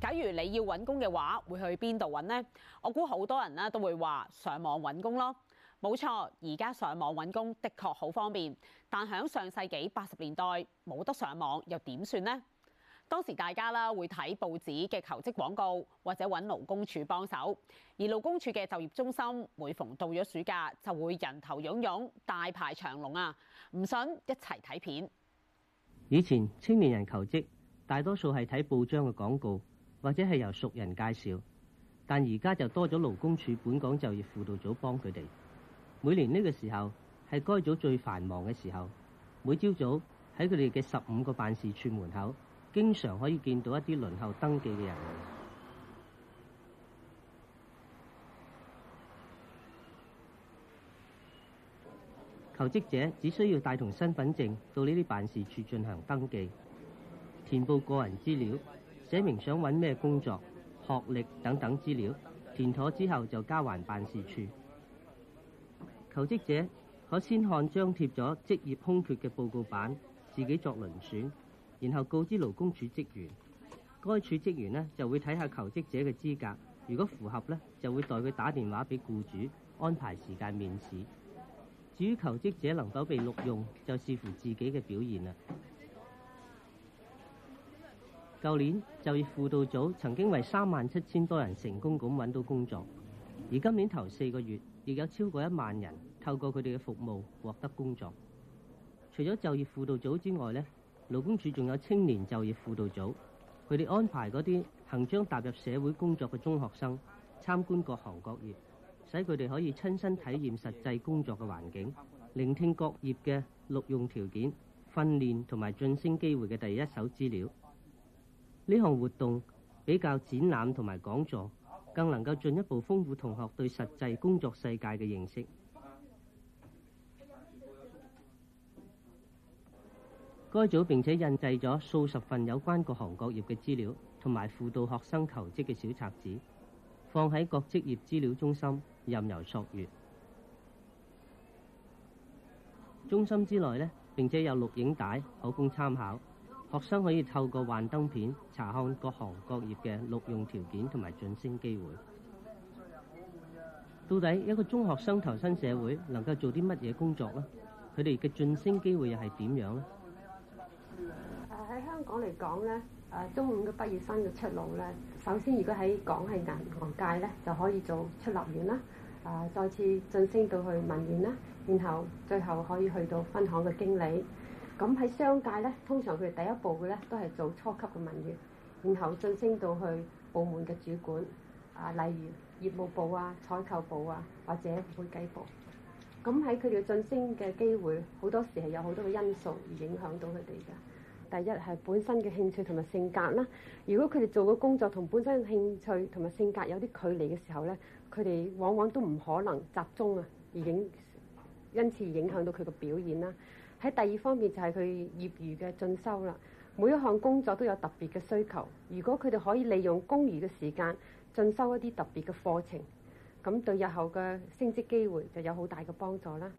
假如你要揾工嘅話，會去邊度揾呢？我估好多人啦都會話上網揾工咯。冇錯，而家上網揾工的確好方便。但響上世紀八十年代冇得上網，又點算呢？當時大家啦會睇報紙嘅求職廣告，或者揾勞工處幫手。而勞工處嘅就業中心，每逢到咗暑假就會人頭湧湧，大排長龍啊！唔想一齊睇片。以前青年人求職，大多數係睇報章嘅廣告。或者係由熟人介紹，但而家就多咗勞工處本港就業輔導組幫佢哋。每年呢個時候係該組最繁忙嘅時候，每朝早喺佢哋嘅十五個辦事處門口，經常可以見到一啲輪候登記嘅人。求職者只需要帶同身份證到呢啲辦事處進行登記，填報個人資料。寫明想揾咩工作、學歷等等資料填妥之後就交還辦事處。求職者可先看張貼咗職業空缺嘅報告板，自己作輪選，然後告知勞工處職員。該處職員呢就會睇下求職者嘅資格，如果符合呢，就會代佢打電話俾雇主安排時間面試。至於求職者能否被錄用，就視乎自己嘅表現啦。舊年就業輔導組曾經為三萬七千多人成功咁揾到工作，而今年頭四個月亦有超過一萬人透過佢哋嘅服務獲得工作。除咗就業輔導組之外呢，勞工處仲有青年就業輔導組，佢哋安排嗰啲行將踏入社會工作嘅中學生參觀各行各業，使佢哋可以親身體驗實際工作嘅環境，聆聽各業嘅錄用條件、訓練同埋晉升機會嘅第一手資料。呢項活動比較展覽同埋講座，更能夠進一步豐富同學對實際工作世界嘅認識。該組並且印製咗數十份有關各行各業嘅資料，同埋輔導學生求職嘅小冊子，放喺各職業資料中心任由索閱。中心之內呢，並且有錄影帶可供參考。學生可以透過幻燈片查看各行各業嘅錄用條件同埋晉升機會。到底一個中學生投身社會能夠做啲乜嘢工作咧？佢哋嘅晉升機會又係點樣咧？喺香港嚟講咧，啊，中五嘅畢業生嘅出路咧，首先如果喺港係銀行界咧，就可以做出納員啦，啊，再次晉升到去文員啦，然後最後可以去到分行嘅經理。咁喺商界咧，通常佢哋第一步嘅咧都係做初級嘅文員，然後晉升到去部門嘅主管。啊，例如業務部啊、採購部啊或者會計部。咁喺佢哋嘅晉升嘅機會，好多時係有好多嘅因素而影響到佢哋嘅。第一係本身嘅興趣同埋性格啦。如果佢哋做嘅工作同本身興趣同埋性格有啲距離嘅時候咧，佢哋往往都唔可能集中啊，而影因此而影響到佢嘅表現啦。喺第二方面就係佢業餘嘅進修啦，每一項工作都有特別嘅需求。如果佢哋可以利用工餘嘅時間進修一啲特別嘅課程，咁對日後嘅升職機會就有好大嘅幫助啦。